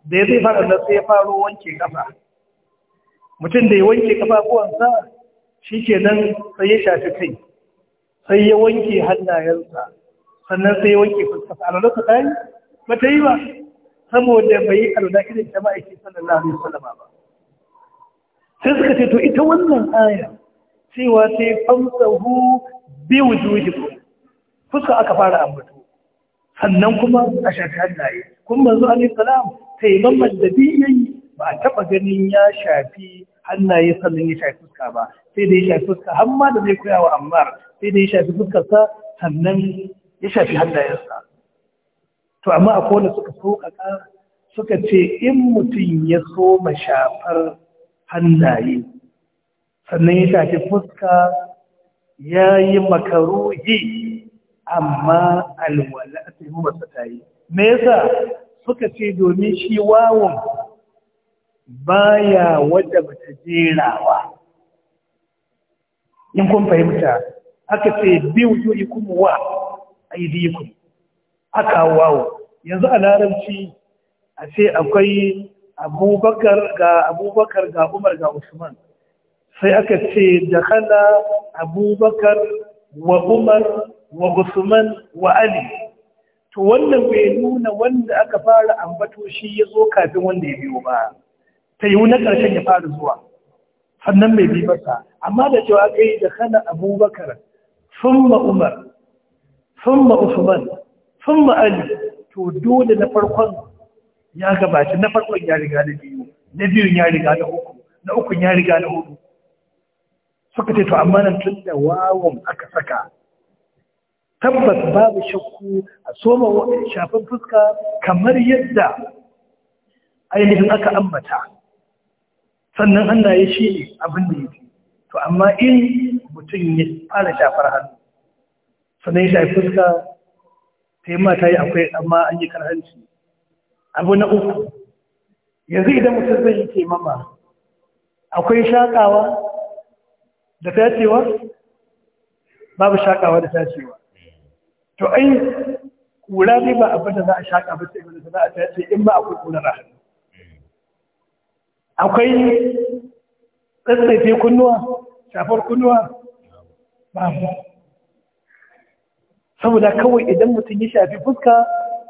da ya zai fara da sai ya faro wanke kafa mutum da ya wanke kafa kowansa. shi kenan sai ya shafi kai sai ya wanke hannayensa sannan sai ya wanke fuskarsa a ta yi ba ta yi ba saboda bai yi alwala irin ke ma'aiki sallallahu ya wasallam ba sai suka ce to ita wannan aya cewa sai famsahu juji ko fuska aka fara ambato sannan kuma a shafi hannaye kun manzo alaihi salam mamman da bi yayi ba a taba ganin ya shafi hannaye sannan ya shafi fuska ba sai da ya shafi fuska hamma da zai koya wa ammar sai da ya shafi fuskarsa sannan ya shafi hannayensa to amma a kone suka sauƙaƙa suka ce in mutum ya soma shafar hannaye sannan ya shafi fuska ya yi makaruhi amma alwala a taimu masa ta yi me yasa suka ce domin shi wawon ya wadda bata jerawa in kun fahimta aka ce biyu kuma wa ku aka wawo yanzu a larabci a ce akwai abubakar ga abubakar ga umar ga usman sai aka ce da hana abubakar wa umar wa usman wa ali to wannan bai nuna wanda aka fara ambato shi ya zo kafin wanda ya biyo ba ta yi na ƙarshen ya fara zuwa Hannan mai bi masa amma da cewa kai da kana abubakar thumma umar thumma usman thumma ali to dole na farkon ya gabata na farkon ya riga da biyu na biyun ya riga da uku na uku ya riga da hudu suka ce to amma nan tun da wawon aka saka tabbas babu shakku a soma shafin fuska kamar yadda ainihin aka ambata sannan Allah ya shi abin da yake to amma in mutum ya fara shafar hannu sannan ya shafi fuska ta yi mata yi akwai amma an yi karhanci abu na uku yanzu idan mutum zai yi taimama akwai shakawa da tacewa babu shakawa da tacewa to ai kura ne ba abin da za a shaka ba sai wanda za a tace in ba akwai kunar hannu akwai tsatsaife kunnuwa shafar kunnuwa babu saboda kawai idan mutum ya shafi fuska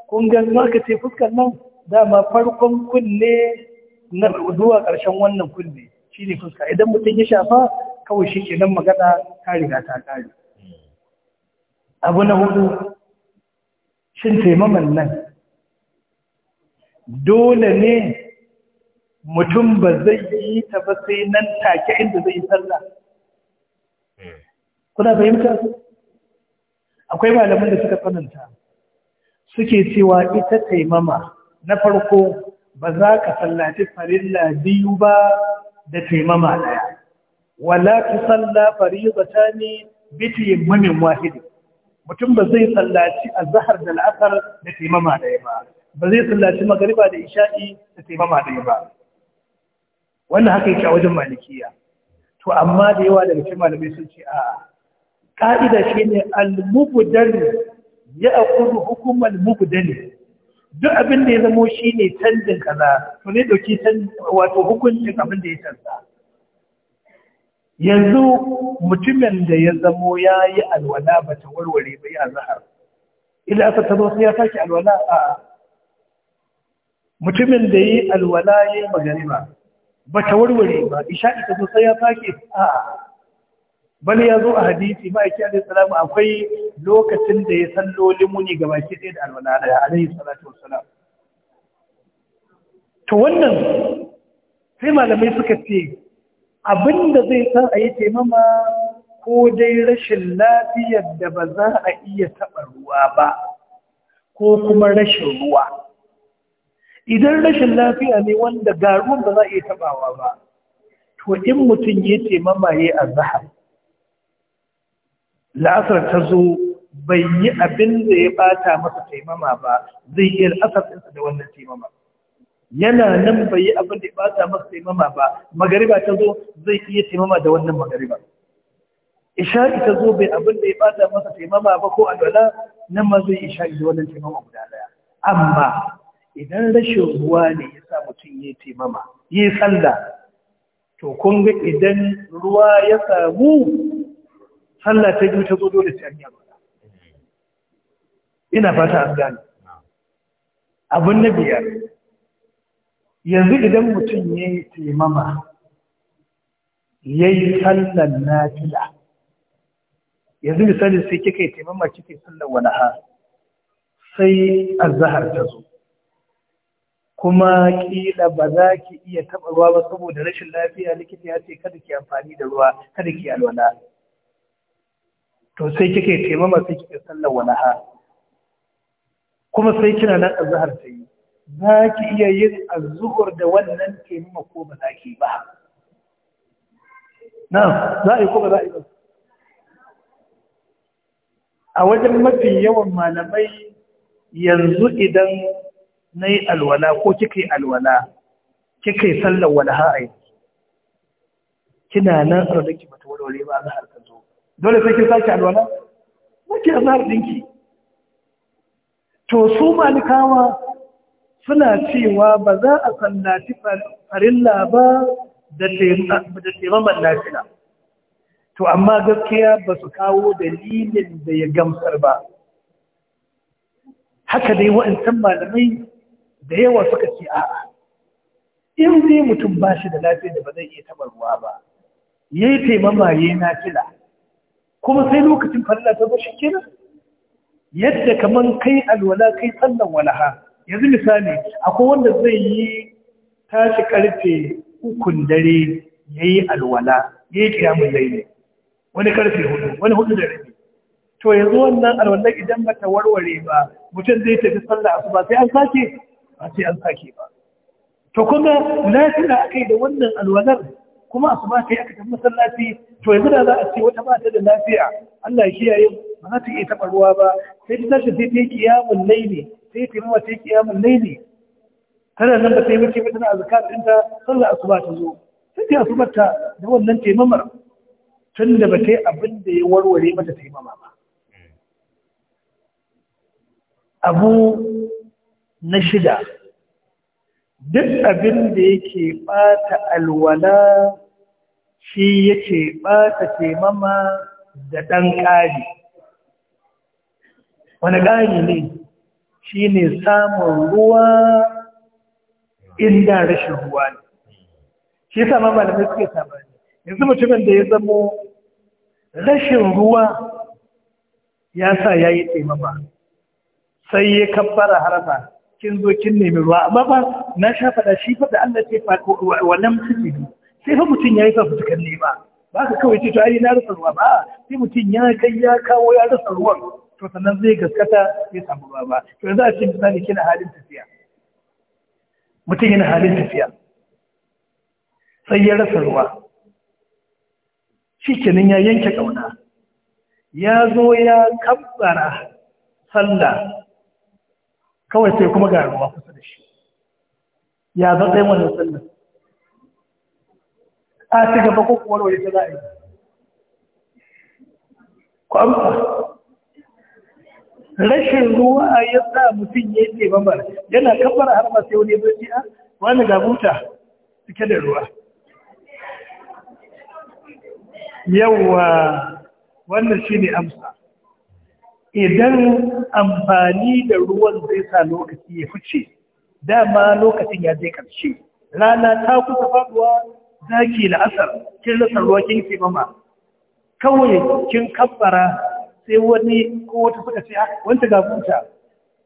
kungan marka ce fuskan nan dama farkon kunne na zuwa ƙarshen wannan kunne shi ne fuska idan mutum ya shafa kawai shi ke nan magana ta riga ta kari. abu na hudu shin taimaman nan dole ne mutum ba zai yi ta ba sai nan take inda zai yi sallah eh. kuna fahimta akwai malamin da suka tsananta suke cewa ita taimama na farko ba za ka sallaci farilla biyu ba da taimama daya wala ka salla faridata ne biti mamin wahidi mutum ba zai sallaci azhar da al'asar da taimama daya ba ba zai sallaci magariba da isha'i da taimama daya ba wannan haka yake a wajen malikiya to amma da yawa daga cikin malamai sun ce a ka'ida shine al-mubdal ya aqulu hukum al-mubdal duk abin da ya zamo shine canjin kaza to ne dauki wato hukuncin abin da ya canza yanzu mutumin da ya zamo ya yi alwala ba ta warware ba ya zahar ila aka tabo sai ya saki alwala a mutumin da ya yi alwala ya yi magariba ba ta warware ba ita ta sai ya sake a bal ya zo a hadisi ma'aiki alaihi salamu akwai lokacin da ya sallo muni ga baki ɗaya da alwala da alaihi salatu wassalam to wannan sai malamai suka ce abinda zai san a yi taimama ko dai rashin lafiyar da ba za a iya taɓa ruwa ba ko kuma rashin ruwa idan rashin lafiya ne wanda garuwan ba za a iya tabawa ba to in mutum ya ce mamaye a zahar la'asar ta zo bai yi abin da ya bata masa taimama ba zai iya la'asar ɗinsa da wannan taimama yana nan bai yi abin da ya bata masa taimama ba magariba ta zo zai iya taimama da wannan magariba isha'i ta zo bai abin da ya bata masa taimama ba ko alwala nan ma zai isha'i da wannan taimama guda daya amma idan rashin ruwa ne ya sa mutum ya taimama yi sallah to kunga idan ruwa ya samu sallah ta biyu ta zo dole ta hanyar ina fata an gane abin na biyar yanzu idan mutum ya yi taimama ya yi sallan nafila yanzu misali sai kika yi taimama kika yi sallan wani ha, sai zahar ta zo kuma kila ba za ki iya taɓa ruwa ba saboda rashin lafiya likita ya ce kada ki amfani da ruwa kada ki alwala to sai kike taimama sai kike sallar walaha kuma sai kina nan azhar sai za ki iya yin azhur da wannan taimama ko ba za ki ba na za a yi ko ba za a yi ba a wajen mafi yawan malamai yanzu idan na yi alwala ko kika yi alwala kika yi sallar walaha a kina nan arziki ba walwale ba za harkar zo dole sai kin sake alwala na ke ɗinki to su malikawa suna cewa ba za a sallaci farilla ba da taimaman nafila to amma gaskiya ba su kawo dalilin da ya gamsar ba haka dai waɗancan malamai da yawa suka ce a'a in zai mutum ba shi da lafiya da ba zai iya taɓa ruwa ba ya yi taimama ya yi nafila kuma sai lokacin fallar ta zo shi yadda kamar kai alwala kai sannan walaha yanzu misali akwai wanda zai yi tashi karfe ukun dare ya yi alwala ya yi kiyamun laili wani karfe hudu wani hudu da rabi to yanzu wannan alwala idan ba warware ba mutum zai tafi sallah asuba sai an sake ba sai an sake ba to kuma lafiya kai da wannan alwalar kuma su ba ta yi aka tafi masallaci to yanzu da za a ce wata mata da lafiya Allah ya kiyaye ba za ta iya taɓa ruwa ba sai ta tashi sai ta yi kiyamun laili sai ta yi mawa ta yi kiyamun laili tana nan ba ta yi mace tana azkar ɗinta sallah asuba ta zo sai ta asuba ta da wannan taimamar tun da ba ta yi abin da ya warware mata taimama ba abu na shida duk abin da yake ɓata alwala shi yake ɓata taimama da ɗan ƙari wani ƙari ne shi ne samun ruwa inda rashin ruwa ne shi sama malamai suke sabani yanzu mutumin da ya zamo rashin ruwa ya sa ya yi taimama sai ya kabbara harba. kin zo kin nemi ruwa amma ba na sha faɗa shi faɗa Allah ce fa wannan mutum sai fa mutum ya yi fa fitukan ne ba ba ka kawai ce to ai na rasa ruwa ba sai mutum ya kai ya kawo ya rasa ruwan to sannan zai gaskata ya samu ruwa ba to yanzu a cikin misali kina halin tafiya mutum yana halin tafiya sai ya rasa ruwa shi kenan ya yanke kauna ya zo ya kabbara sallah kawai sai kuma ga ruwa kusa da shi ya zan tsaye wani sallan a ci gaba ko kuwa wani ta za yi ku amsa rashin ruwa a yi sa mutum ya yi mamar yana kabbara har masu yau wani barci a ah, wani ga buta cike da ruwa yawwa wannan shi ne amsa idan amfani da ruwan zai sa lokaci ya fice dama lokacin ya zai karshe rana ta kusa faduwa zaki la'asar kin rasa ruwa kin ke mama kawai kin kabbara sai wani ko wata suka ce ah, wanda ga buta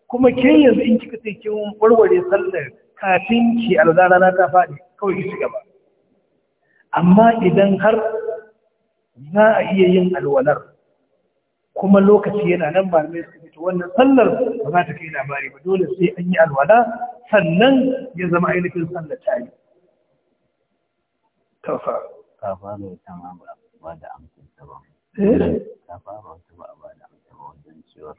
kuma kin yanzu in kika sai kin warware sallar kafin ki alzara na ta faɗi kawai ki gaba amma idan har za a iya yin alwalar kuma lokaci yana nan ba malamai suka fito wannan sallar ba za ta kai labari ba dole sai an yi alwala sannan ya zama ainihin sallar ta yi ta fara ta fara wata ma ba da amsar ta ba eh? ta fara wata ba ba da amsar ba wajen cewar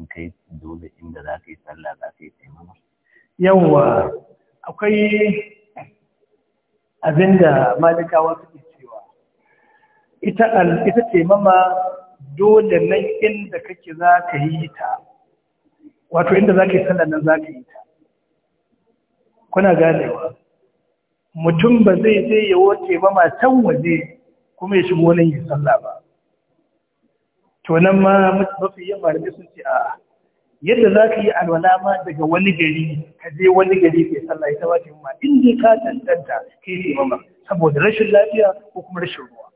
in kai dole inda za ka yi sallah za ka yi taimama yawwa akwai abinda malikawa suke cewa ita ce mama dole nan inda kake za ka yi ta wato inda za ka yi sallar nan za ka yi ta kuna ganewa mutum ba zai je ya wace ba matan waje kuma ya shigo nan yi sallah ba to nan ma mafi yin malamai sun ce a yadda za ka yi alwala ma daga wani gari ka je wani gari kai sallah ita ba ta yi ma in dai ka tantanta ka yi saboda rashin lafiya ko kuma rashin ruwa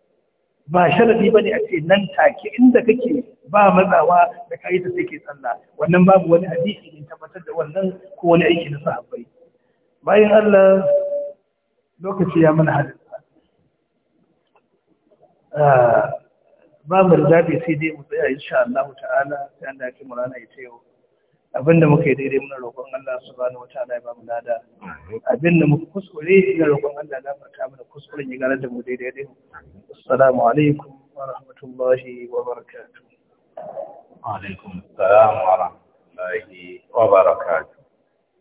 ba sharadi ne a ce nan take inda kake ba matsawa da ka ta sai ke tsalla wannan babu wani hadisi ne tabbatar da wannan ko wani aiki na sahabbai bayan Allah lokaci ya mana hadin ah, ba mu da sai dai mu tsaya insha Allah ta'ala sai Allah ya kimura na ita yau abinda muka yi daidai muna roƙon Allah subhanahu wata ya ba mu lada abinda muka kuskure ga roƙon Allah na farka mana kuskuren ya gara da mu daidai ne. assalamu alaikum wa rahmatullahi wa barakatuh wa alaikum assalam wa rahmatullahi wa barakatuh